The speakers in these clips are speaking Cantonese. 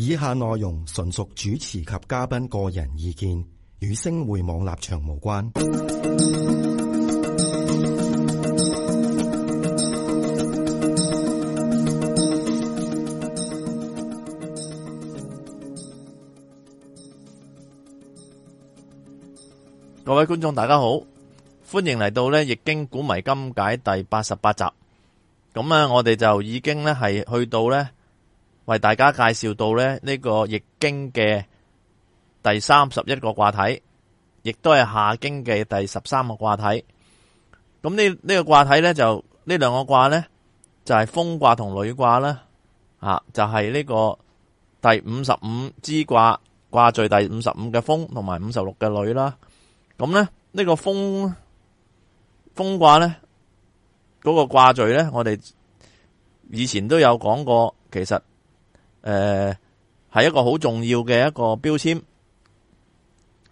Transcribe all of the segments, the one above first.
以下內容純屬主持及嘉賓個人意見，與星匯網立場無關。各位觀眾，大家好，歡迎嚟到呢《易經古謎今解》第八十八集。咁啊，我哋就已經呢係去到呢。為大家介紹到咧、這、呢個易經嘅第三十一個卦體，亦都係下經嘅第十三個卦體。咁呢呢個卦體咧就呢兩個卦咧就係豐卦同旅卦啦。就係、是、呢、就是、個第五十五支卦，卦序第五十五嘅豐同埋五十六嘅旅啦。咁咧呢、這個豐豐卦咧嗰個掛序咧，我哋以前都有講過，其實。誒，係、呃、一個好重要嘅一個標籤，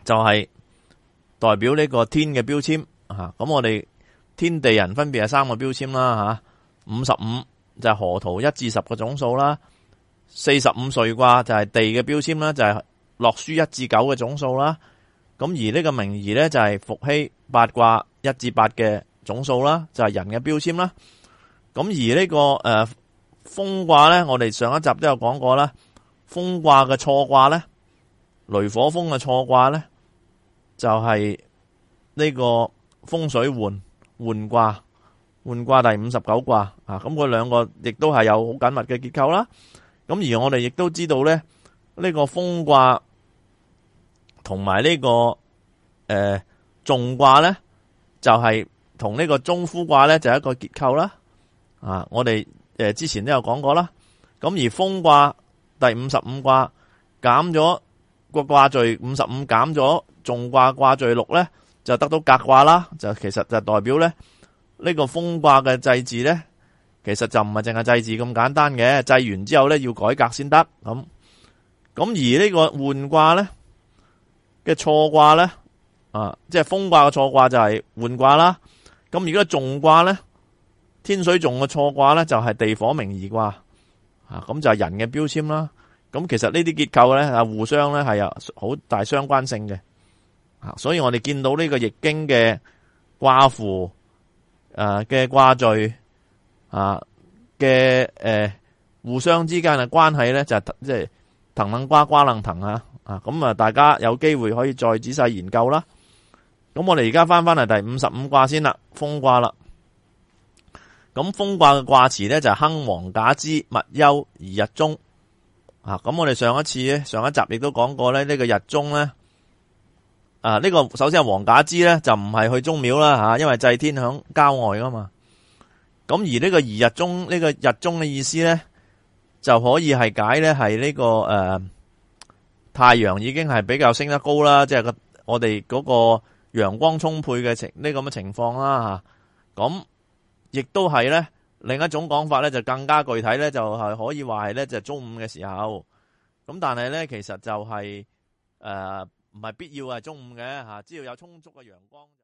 就係、是、代表呢個天嘅標籤啊！咁我哋天地人分別係三個標籤啦吓，五十五就係河圖一至十嘅總數啦，四十五歲卦就係地嘅標籤啦，就係、是、洛書一至九嘅總數啦。咁、啊、而呢個名義咧就係伏羲八卦一至八嘅總數啦、啊，就係、是、人嘅標籤啦。咁、啊、而呢、這個誒。呃豐卦咧，我哋上一集都有講過啦。豐卦嘅錯卦咧，雷火豐嘅錯卦咧，就係、是、呢個風水渙渙卦，渙卦第五十九卦啊。咁佢兩個亦都係有好緊密嘅結構啦。咁、啊、而我哋亦都知道咧，呢、呢個豐卦同埋呢個誒綜卦咧，就係同呢個中孚卦咧，就係、一個結構啦。啊，我哋。誒，之前都有講過啦，咁而豐卦第五十五卦減咗個卦序五十五，減咗仲卦卦序六咧，就得到革卦啦。就其實就代表咧，這個、封呢個豐卦嘅祭祀咧，其實就唔係淨係祭祀咁簡單嘅，祭完之後咧要改革先得。咁咁而呢個渙卦咧嘅錯卦咧，啊，即係豐卦嘅錯卦就係渙卦啦。咁而家仲卦咧。天水訟嘅錯卦咧，就係地火明夷卦，啊，咁就係、是、人嘅標籤啦。咁、啊、其實呢啲結構咧啊，啊，啊，啊，互相咧係有好大相關性嘅，所以我哋見到呢個易經嘅卦符，誒嘅卦序，啊嘅誒互相之間嘅關係咧，就係即係藤擰瓜，瓜擰藤啊，啊，咁啊，大家有機會可以再仔細研究啦。咁我哋而家翻翻嚟第五十五卦先啦，豐卦啦。咁豐卦嘅卦詞咧就係、是、亨王假之勿憂而日中啊！咁我哋上一次咧上一集亦都講過咧呢、這個日中咧啊呢、這個首先係王假之咧就唔係去宗廟啦吓，因為祭天響郊外噶嘛。咁、啊、而呢個而日中呢、這個日中嘅意思咧就可以係解咧係呢個誒、呃、太陽已經係比較升得高啦，即、就、係、是、個我哋嗰個陽光充沛嘅情呢咁嘅情況啦吓。咁、啊啊亦都係咧另一種講法咧，就更加具體咧，就係可以話係咧，就係中午嘅時候。咁但係咧，其實就係誒唔係必要係中午嘅吓，只要有充足嘅陽光，就是